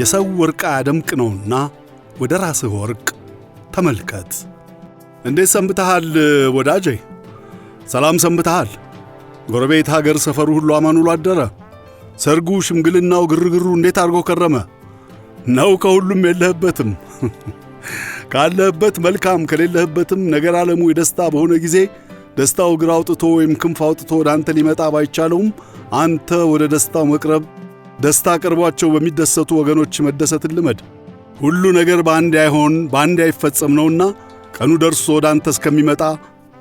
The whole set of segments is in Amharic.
የሰው ወርቅ አያደምቅ ነውና ወደ ራስህ ወርቅ ተመልከት። እንዴት ሰንብተሃል ወዳጄ? ሰላም ሰንብተሃል? ጎረቤት ሀገር ሰፈሩ ሁሉ አማን ውሎ አደረ? ሰርጉ፣ ሽምግልናው፣ ግርግሩ እንዴት አድርጎ ከረመ? ነው ከሁሉም የለህበትም። ካለህበት መልካም፣ ከሌለህበትም ነገር ዓለሙ የደስታ በሆነ ጊዜ ደስታው እግር አውጥቶ ወይም ክንፍ አውጥቶ ወደ አንተ ሊመጣ ባይቻለውም አንተ ወደ ደስታው መቅረብ ደስታ ቀርቧቸው በሚደሰቱ ወገኖች መደሰትን ልመድ። ሁሉ ነገር በአንድ አይሆን በአንድ አይፈጸም ነውና ቀኑ ደርሶ ወደ አንተ እስከሚመጣ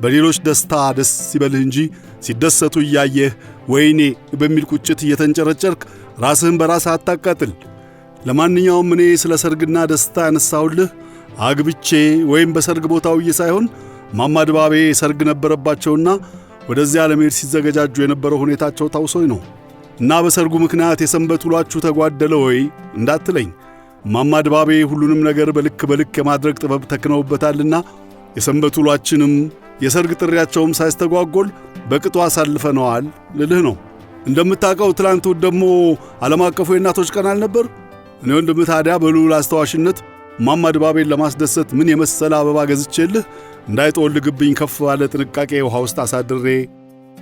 በሌሎች ደስታ ደስ ይበልህ እንጂ ሲደሰቱ እያየህ ወይኔ በሚል ቁጭት እየተንጨረጨርክ ራስህን በራስህ አታቃጥል። ለማንኛውም እኔ ስለ ሰርግና ደስታ ያነሳሁልህ አግብቼ ወይም በሰርግ ቦታው ሳይሆን ማማ ድባቤ ሰርግ ነበረባቸውና ወደዚያ ለመሄድ ሲዘገጃጁ የነበረው ሁኔታቸው ታውሶኝ ነው። እና በሰርጉ ምክንያት የሰንበት ውሏችሁ ተጓደለ ወይ እንዳትለኝ፣ ማማ ድባቤ ሁሉንም ነገር በልክ በልክ የማድረግ ጥበብ ተክነውበታልና የሰንበት ውሏችንም የሰርግ ጥሪያቸውም ሳይስተጓጎል በቅጡ አሳልፈነዋል ልልህ ነው። እንደምታውቀው ትላንት ደግሞ ዓለም አቀፉ የእናቶች ቀን አልነበር? እኔ ወንድም ታዲያ በልዑል አስተዋሽነት ማማ ድባቤን ለማስደሰት ምን የመሰለ አበባ ገዝቼልህ እንዳይጠወልግብኝ ከፍ ባለ ጥንቃቄ ውሃ ውስጥ አሳድሬ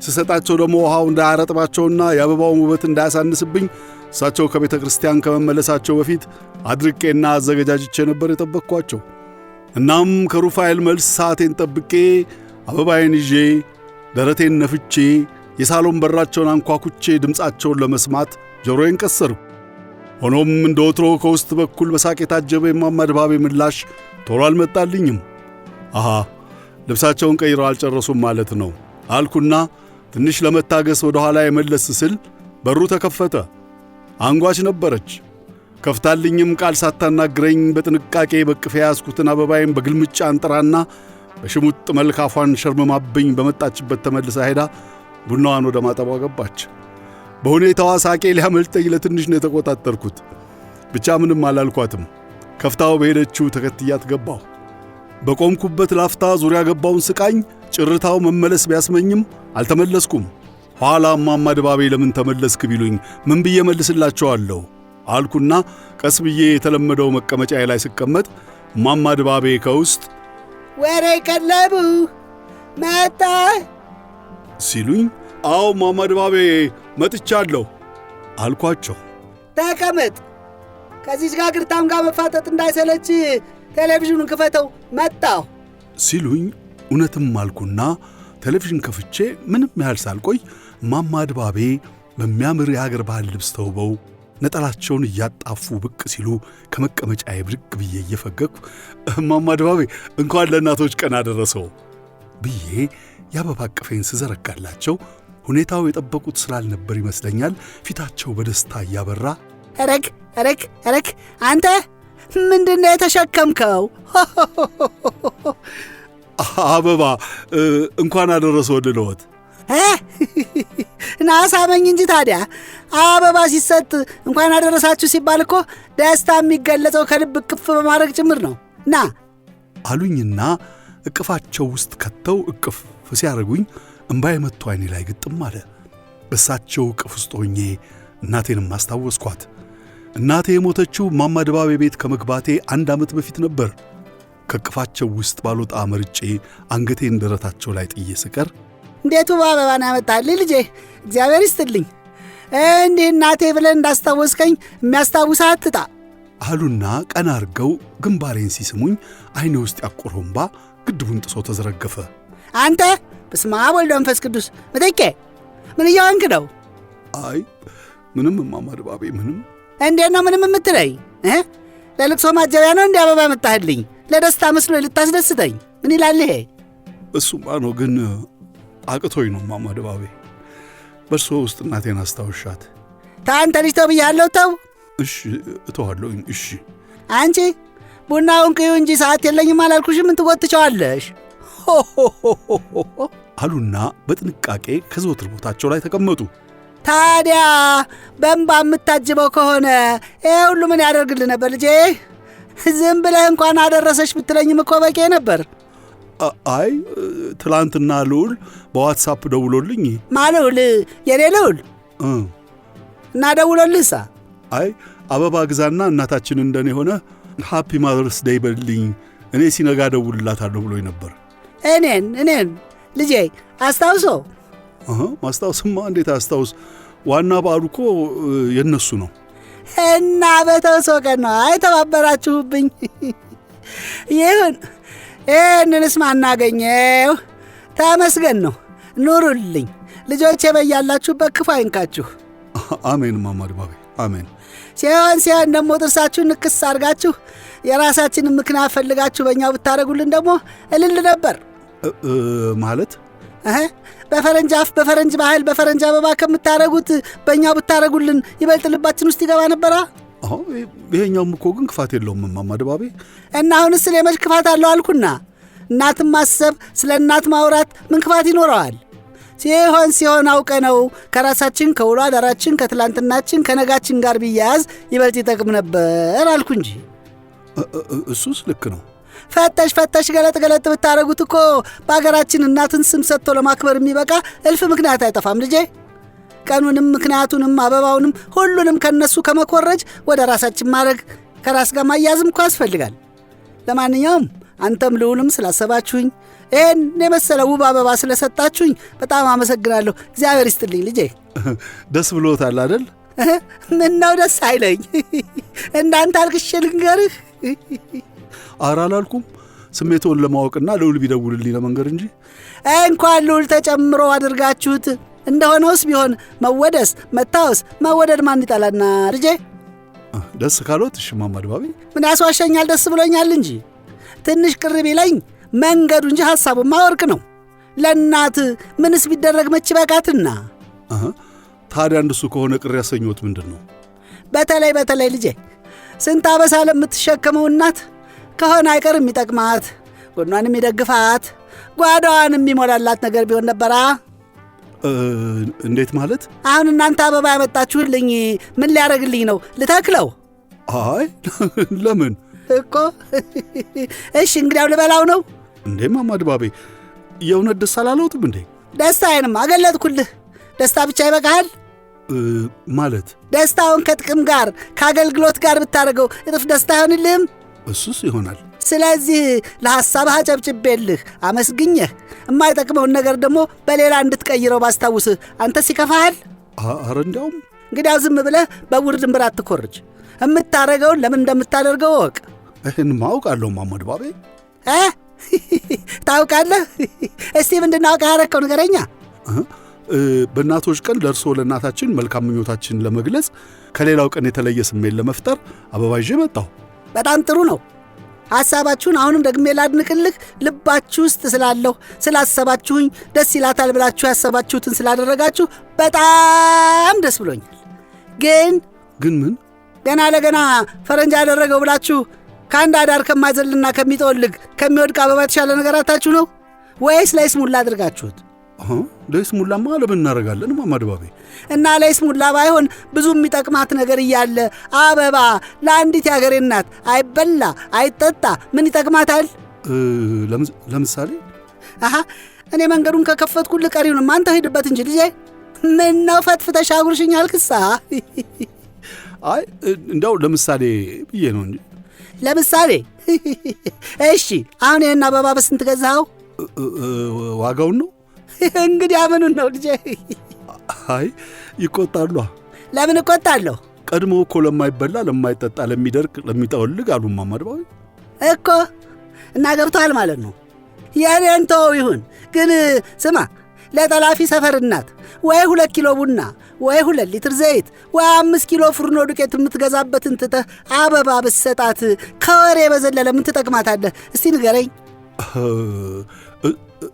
ስሰጣቸው ደግሞ ውሃው እንዳያረጥባቸውና የአበባውን ውበት እንዳያሳንስብኝ እሳቸው ከቤተ ክርስቲያን ከመመለሳቸው በፊት አድርቄና አዘገጃጅቼ ነበር የጠበቅኳቸው። እናም ከሩፋኤል መልስ ሰዓቴን ጠብቄ አበባዬን ይዤ ደረቴን ነፍቼ የሳሎን በራቸውን አንኳኩቼ ድምፃቸውን ለመስማት ጆሮዬን ቀሰሩ። ሆኖም እንደ ወትሮ ከውስጥ በኩል በሳቅ የታጀበ የማማ ድባቤ ምላሽ ቶሎ አልመጣልኝም። አሃ ልብሳቸውን ቀይረው አልጨረሱም ማለት ነው አልኩና ትንሽ ለመታገስ ወደ ኋላ የመለስ ስል በሩ ተከፈተ። አንጓች ነበረች። ከፍታልኝም ቃል ሳታናግረኝ በጥንቃቄ በቅፌ ያዝኩትን አበባይም በግልምጫ አንጥራና በሽሙጥ መልክ አፏን ሸርምማብኝ በመጣችበት ተመልሳ ሄዳ ቡናዋን ወደ ማጠቧ ገባች። በሁኔታዋ ሳቄ ሊያመልጠኝ ለትንሽ ነው የተቆጣጠርኩት። ብቻ ምንም አላልኳትም። ከፍታው በሄደችው ተከትያት ገባሁ። በቆምኩበት ላፍታ ዙሪያ ገባውን ስቃኝ ጭርታው መመለስ ቢያስመኝም አልተመለስኩም። ኋላ እማማ ድባቤ ለምን ተመለስክ ቢሉኝ ምን ብዬ መልስላቸዋለሁ አልኩና ቀስ ብዬ የተለመደው መቀመጫዬ ላይ ስቀመጥ እማማ ድባቤ ከውስጥ ወሬ ቀለቡ መጣ ሲሉኝ አዎ እማማ ድባቤ መጥቻለሁ አልኳቸው። ተቀመጥ ከዚህ ግርታም ጋር መፋጠጥ እንዳይሰለች ቴሌቪዥኑን ክፈተው መጣሁ ሲሉኝ እውነትም አልኩና ቴሌቪዥን ከፍቼ ምንም ያህል ሳልቆይ ማማ ድባቤ በሚያምር የሀገር ባህል ልብስ ተውበው ነጠላቸውን እያጣፉ ብቅ ሲሉ ከመቀመጫ ብድግ ብዬ እየፈገግኩ ማማ ድባቤ እንኳን ለእናቶች ቀን አደረሰው ብዬ የአበባ አቀፌን ስዘረጋላቸው ሁኔታው የጠበቁት ስላልነበር ይመስለኛል ፊታቸው በደስታ እያበራ ረግ ረግ ረግ አንተ ምንድነው የተሸከምከው? አበባ እንኳን አደረሰው ልልዎት። ናሳመኝ እንጂ ታዲያ አበባ ሲሰጥ እንኳን አደረሳችሁ ሲባል እኮ ደስታ የሚገለጸው ከልብ እቅፍ በማድረግ ጭምር ነው። ና አሉኝና እቅፋቸው ውስጥ ከተው እቅፍ ሲያደርጉኝ እምባ የመቱ አይኔ ላይ ግጥም አለ። በሳቸው እቅፍ ውስጥ ሆኜ እናቴንም አስታወስኳት። እናቴ የሞተችው ማማ ድባቤ ቤት ከመግባቴ አንድ ዓመት በፊት ነበር። ከቅፋቸው ውስጥ ባልወጣ መርጬ አንገቴን ደረታቸው ላይ ጥዬ ስቀር እንዴት ውብ አበባን ያመጣልህ ልጄ፣ እግዚአብሔር ይስጥልኝ፣ እንዲህ እናቴ ብለን እንዳስታወስከኝ የሚያስታውሳ አትጣ አሉና ቀና አድርገው ግንባሬን ሲስሙኝ ዐይኔ ውስጥ ያቆረ ግድቡን ጥሶ ተዘረገፈ። አንተ በስመ አብ መንፈስ ቅዱስ ምትኬ ምን እያወንክ ነው? አይ ምንም እማማ ድባቤ ምንም እንዴት ነው ምንም የምትለኝ? ለልቅሶ ማጀቢያ ነው እንዲ አበባ መጣህልኝ? ለደስታ መስሎ ልታስደስተኝ ምን ይላል ይሄ? እሱማ ነው ግን አቅቶኝ ነው እማማ ድባቤ። ውስጥ እናቴን አስታውሻት። ታንተ ልጅ ተው ብያለሁ። ተው እሺ፣ እተዋለሁኝ። እሺ አንቺ ቡናውን ቅዩ እንጂ ሰዓት የለኝም አላልኩሽም? ምን ትጎትቸዋለሽ? አሉና በጥንቃቄ ከዘወትር ቦታቸው ላይ ተቀመጡ። ታዲያ በእንባ የምታጅበው ከሆነ ይሄ ሁሉ ምን ያደርግል ነበር ልጄ? ዝም ብለህ እንኳን አደረሰች ብትለኝም እኮ በቄ ነበር። አይ ትላንትና ልዑል በዋትሳፕ ደውሎልኝ። ማን ልዑል? የኔ ልዑል እና ደውሎልህሳ? አይ አበባ ግዛና እናታችን እንደኔ ሆነ ሃፒ ማዘርስ ደይ በልኝ እኔ ሲነጋ ደውልላታለሁ ብሎኝ ነበር። እኔን እኔን ልጄ አስታውሶ ማስታውስማ እንዴት አስታውስ ዋና በዓሉ እኮ የነሱ ነው እና በተውሶ ቀን ነው አይተባበራችሁብኝ። ይሁን ይህንንስ ማናገኘው ተመስገን ነው። ኑሩልኝ ልጆቼ፣ በያላችሁበት ክፉ አይንካችሁ። አሜን እማማ አድባቤ አሜን። ሲሆን ሲሆን ደግሞ ጥርሳችሁ ንክስ አድርጋችሁ የራሳችንን ምክንያት ፈልጋችሁ በእኛው ብታደርጉልን ደግሞ እልል ነበር ማለት በፈረንጅ አፍ በፈረንጅ ባህል በፈረንጅ አበባ ከምታረጉት በእኛ ብታረጉልን ይበልጥ ልባችን ውስጥ ይገባ ነበራ። ይሄኛውም እኮ ግን ክፋት የለውም እማማ ድባቤ። እና አሁንስ ሌመች ክፋት አለው አልኩና፣ እናትን ማሰብ ስለ እናት ማውራት ምን ክፋት ይኖረዋል? ሲሆን ሲሆን አውቀ ነው ከራሳችን ከውሎ አዳራችን ከትላንትናችን ከነጋችን ጋር ቢያያዝ ይበልጥ ይጠቅም ነበር አልኩ እንጂ እሱስ ልክ ነው። ፈተሽ ፈተሽ ገለጥ ገለጥ ብታደረጉት እኮ በሀገራችን እናትን ስም ሰጥቶ ለማክበር የሚበቃ እልፍ ምክንያት አይጠፋም ልጄ። ቀኑንም ምክንያቱንም አበባውንም ሁሉንም ከነሱ ከመኮረጅ ወደ ራሳችን ማድረግ ከራስ ጋር ማያዝም እኮ ያስፈልጋል። ለማንኛውም አንተም ልውልም ስላሰባችሁኝ ይህን የመሰለ ውብ አበባ ስለሰጣችሁኝ በጣም አመሰግናለሁ። እግዚአብሔር ይስጥልኝ ልጄ። ደስ ብሎታል አደል? ምን ነው ደስ አይለኝ? እንዳንተ አልቅሼ ልንገርህ። አራ አላልኩም። ስሜትዎን ለማወቅና ልዑል ቢደውልልኝ ለመንገድ እንጂ እንኳን ልውል ተጨምሮ አድርጋችሁት እንደሆነውስ ቢሆን መወደስ መታወስ መወደድ ማን ይጠላና ርጄ ደስ ካሎት እሽማማ ድባቤ ምን ያስዋሸኛል? ደስ ብሎኛል እንጂ ትንሽ ቅር ቢለኝ መንገዱ እንጂ ሐሳቡ ማወርቅ ነው። ለእናት ምንስ ቢደረግ መች በቃትና። ታዲያ እንደሱ ከሆነ ቅር ያሰኘት ምንድን ነው? በተለይ በተለይ ልጄ ስንት አበሳ ለምትሸከመው እናት ከሆነ አይቀር የሚጠቅማት ጎኗን የሚደግፋት ጓዳዋን የሚሞላላት ነገር ቢሆን ነበራ። እንዴት ማለት? አሁን እናንተ አበባ ያመጣችሁልኝ ምን ሊያደርግልኝ ነው? ልተክለው? አይ ለምን እኮ እሺ፣ እንግዲያው ልበላው ነው እንዴ? እማማ ድባቤ የእውነት ደስ አላለውጥም እንዴ? ደስታዬንም አገለጥኩልህ። ደስታ ብቻ ይበቃሃል ማለት? ደስታውን ከጥቅም ጋር ከአገልግሎት ጋር ብታደርገው እጥፍ ደስታ ይሆንልህም። እሱስ ይሆናል። ስለዚህ ለሐሳብህ አጨብጭቤልህ አመስግኘህ የማይጠቅመውን ነገር ደግሞ በሌላ እንድትቀይረው ባስታውስህ አንተ ሲከፋሃል። አረ እንዲያውም እንግዲያው ዝም ብለህ በውር ድንብር አትኮርጅ። የምታደርገውን ለምን እንደምታደርገው እወቅ። እህን ማውቃለሁ ማሞድ ባቤ እ ታውቃለህ። እስቲ ምንድናውቀ ያረከው ንገረኛ። በእናቶች ቀን ለእርስዎ ለእናታችን መልካም ምኞታችን ለመግለጽ ከሌላው ቀን የተለየ ስሜት ለመፍጠር አበባ ይዤ መጣሁ። በጣም ጥሩ ነው። ሐሳባችሁን አሁንም ደግሜ ላድንቅልህ። ልባችሁ ውስጥ ስላለሁ ስላሰባችሁኝ፣ ደስ ይላታል ብላችሁ ያሰባችሁትን ስላደረጋችሁ በጣም ደስ ብሎኛል። ግን ግን ምን ገና ለገና ፈረንጅ ያደረገው ብላችሁ ከአንድ አዳር ከማዘልና ከሚጠወልግ ከሚወድቅ አበባ የተሻለ ነገር አታችሁ ነው ወይስ ለይስሙላ አድርጋችሁት? ለይስሙላማ ለምን እናደርጋለን? እማማ ድባቤ እና ለይስሙላ ባይሆን ብዙ የሚጠቅማት ነገር እያለ አበባ ለአንዲት የአገሬ እናት አይበላ አይጠጣ ምን ይጠቅማታል? ለምሳሌ አሃ እኔ መንገዱን ከከፈትኩ ቀሪውንም አንተ ሂድበት እንጂ ልጄ። ምን ነው ፈትፍተሽ አጉርሽኛል? ክሳ አይ እንደው ለምሳሌ ብዬ ነው እንጂ ለምሳሌ እሺ፣ አሁን ይህን አበባ በስንት ገዛኸው? ዋጋውን ነው እንግዲህ አመኑን ነው ልጄ? አይ ይቆጣሉ። ለምን እቆጣለሁ? ቀድሞ እኮ ለማይበላ ለማይጠጣ፣ ለሚደርቅ፣ ለሚጠወልግ አሉ ማማድባዊ እኮ እና ገብተዋል ማለት ነው። የእኔን ተወው ይሁን፣ ግን ስማ ለጠላፊ ሰፈርናት ወይ ሁለት ኪሎ ቡና ወይ ሁለት ሊትር ዘይት ወይ አምስት ኪሎ ፍርኖ ዱቄት የምትገዛበትን ትተህ አበባ ብትሰጣት ከወሬ በዘለለ ምን ትጠቅማታለህ? እስቲ ንገረኝ።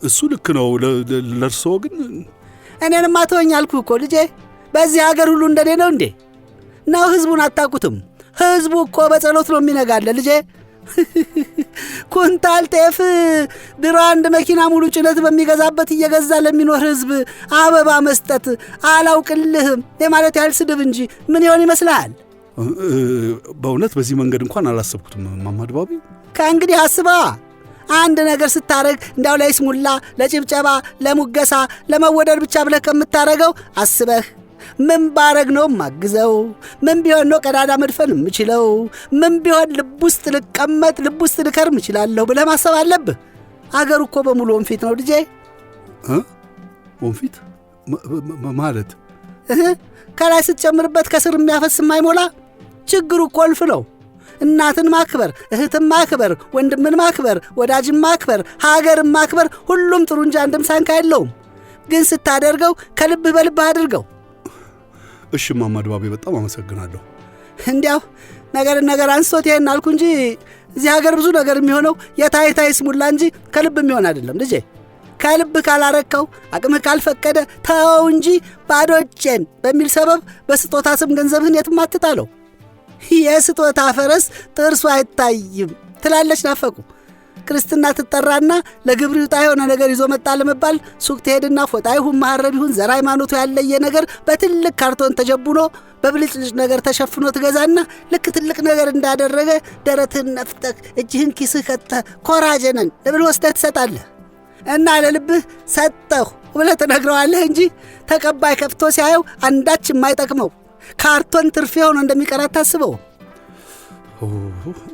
እሱ ልክ ነው። ለእርስዎ ግን እኔንማ ተወኝ አልኩ እኮ ልጄ። በዚህ ሀገር ሁሉ እንደኔ ነው እንዴ? ነው ህዝቡን አታውቁትም? ህዝቡ እኮ በጸሎት ነው የሚነጋለ ልጄ። ኩንታል ጤፍ ድሮ አንድ መኪና ሙሉ ጭነት በሚገዛበት እየገዛ ለሚኖር ህዝብ አበባ መስጠት አላውቅልህም የማለት ያህል ስድብ እንጂ ምን ይሆን ይመስልሃል? በእውነት በዚህ መንገድ እንኳን አላሰብኩትም። ማማድባቢ ከእንግዲህ አስበዋ አንድ ነገር ስታረግ እንዳው ላይ ስሙላ ለጭብጨባ፣ ለሙገሳ፣ ለመወደድ ብቻ ብለህ ከምታረገው አስበህ ምን ባረግ ነው ማግዘው? ምን ቢሆን ነው ቀዳዳ መድፈን የምችለው? ምን ቢሆን ልብ ውስጥ ልቀመጥ፣ ልብ ውስጥ ልከርም እችላለሁ ብለህ ማሰብ አለብህ። አገሩ እኮ በሙሉ ወንፊት ነው ልጄ። ወንፊት ማለት ከላይ ስትጨምርበት ከስር የሚያፈስ የማይሞላ ችግሩ እኮ ነው። እናትን ማክበር፣ እህትን ማክበር፣ ወንድምን ማክበር፣ ወዳጅን ማክበር፣ ሀገርን ማክበር ሁሉም ጥሩ እንጂ አንድም ሳንካ የለውም። ግን ስታደርገው ከልብህ በልብህ አድርገው። እሺ እማማ ድባቤ በጣም አመሰግናለሁ። እንዲያው ነገርን ነገር አንስቶት ይሄን አልኩ እንጂ እዚህ ሀገር ብዙ ነገር የሚሆነው የታይታይ ስሙላ እንጂ ከልብ የሚሆን አይደለም ልጄ። ከልብ ካላረከው አቅምህ ካልፈቀደ ተው እንጂ ባዶ እጄን በሚል ሰበብ በስጦታ ስም ገንዘብህን የትም አትጣለው። የስጦታ ፈረስ ጥርሱ አይታይም ትላለች ናፈቁ። ክርስትና ትጠራና ለግብር ይውጣ የሆነ ነገር ይዞ መጣ ለመባል ሱቅ ትሄድና ፎጣ ይሁን መሐረብ ይሁን ዘር ሃይማኖቱ ያለየ ነገር በትልቅ ካርቶን ተጀቡኖ በብልጭልጭ ነገር ተሸፍኖ ትገዛና ልክ ትልቅ ነገር እንዳደረገ ደረትህን ነፍጠህ እጅህን ኪስህ ከተ ኮራጀነን ለብል ወስደህ ትሰጣለህ እና ለልብህ ሰጠሁ ብለህ ትነግረዋለህ እንጂ ተቀባይ ከፍቶ ሲያየው አንዳች የማይጠቅመው ካርቶን ትርፌ ሆኖ እንደሚቀራ ታስበው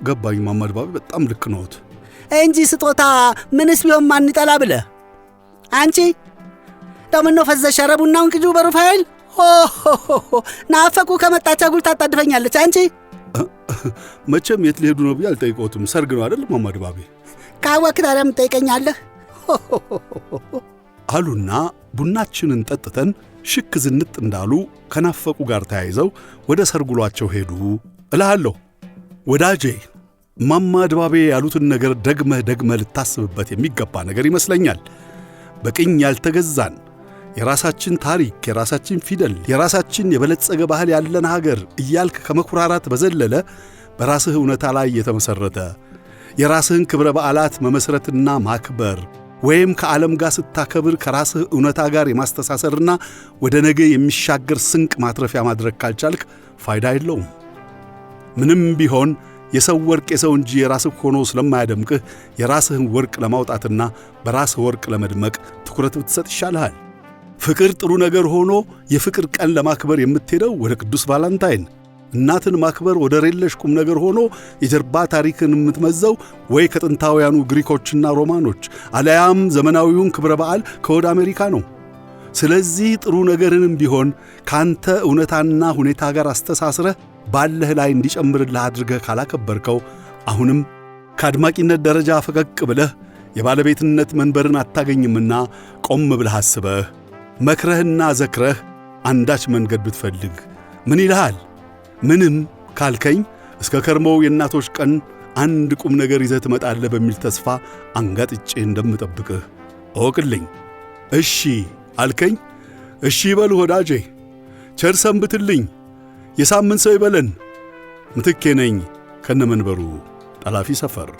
ገባኝ ማማድባቢ፣ በጣም ልክ ነዎት እንጂ ስጦታ ምንስ ቢሆን ማን ይጠላ ብለ አንቺ ደምኖ ፈዘሽ? ኧረ ቡናውን ቅጁ በሩፋኤል ናፈቁ ከመጣ ቸጉል ታጣድፈኛለች። አንቺ መቼም የት ሊሄዱ ነው ብዬ አልጠይቆትም። ሰርግ ነው አይደል ማማድባቢ? ካወክ ታዲያም ትጠይቀኛለህ አሉና ቡናችንን ጠጥተን ሽክ ዝንጥ እንዳሉ ከናፈቁ ጋር ተያይዘው ወደ ሰርጉሏቸው ሄዱ እልሃለሁ ወዳጄ። ማማ ድባቤ ያሉትን ነገር ደግመህ ደግመህ ልታስብበት የሚገባ ነገር ይመስለኛል። በቅኝ ያልተገዛን የራሳችን ታሪክ፣ የራሳችን ፊደል፣ የራሳችን የበለጸገ ባህል ያለን ሀገር እያልክ ከመኩራራት በዘለለ በራስህ እውነታ ላይ የተመሠረተ የራስህን ክብረ በዓላት መመሥረትና ማክበር ወይም ከዓለም ጋር ስታከብር ከራስህ እውነታ ጋር የማስተሳሰርና ወደ ነገ የሚሻገር ስንቅ ማትረፊያ ማድረግ ካልቻልክ ፋይዳ የለውም። ምንም ቢሆን የሰው ወርቅ የሰው እንጂ የራስህ ሆኖ ስለማያደምቅህ የራስህን ወርቅ ለማውጣትና በራስህ ወርቅ ለመድመቅ ትኩረት ብትሰጥ ይሻልሃል። ፍቅር ጥሩ ነገር ሆኖ የፍቅር ቀን ለማክበር የምትሄደው ወደ ቅዱስ ቫላንታይን እናትን ማክበር ወደ ሌለሽ ቁም ነገር ሆኖ የጀርባ ታሪክን የምትመዘው ወይ ከጥንታውያኑ ግሪኮችና ሮማኖች አለያም ዘመናዊውን ክብረ በዓል ከወደ አሜሪካ ነው። ስለዚህ ጥሩ ነገርንም ቢሆን ካንተ እውነታና ሁኔታ ጋር አስተሳስረህ ባለህ ላይ እንዲጨምርልህ አድርገህ ካላከበርከው አሁንም ከአድማቂነት ደረጃ ፈቀቅ ብለህ የባለቤትነት መንበርን አታገኝምና ቆም ብለህ አስበህ መክረህና ዘክረህ አንዳች መንገድ ብትፈልግ ምን ይልሃል? ምንም ካልከኝ እስከ ከርመው የእናቶች ቀን አንድ ቁም ነገር ይዘህ ትመጣለህ በሚል ተስፋ አንጋጥጬ እንደምጠብቅህ እወቅልኝ። እሺ አልከኝ? እሺ በል ወዳጄ፣ ቸር ሰንብትልኝ፣ የሳምንት ሰው ይበለን። ምትኬ ነኝ ከነመንበሩ ጠላፊ ሰፈር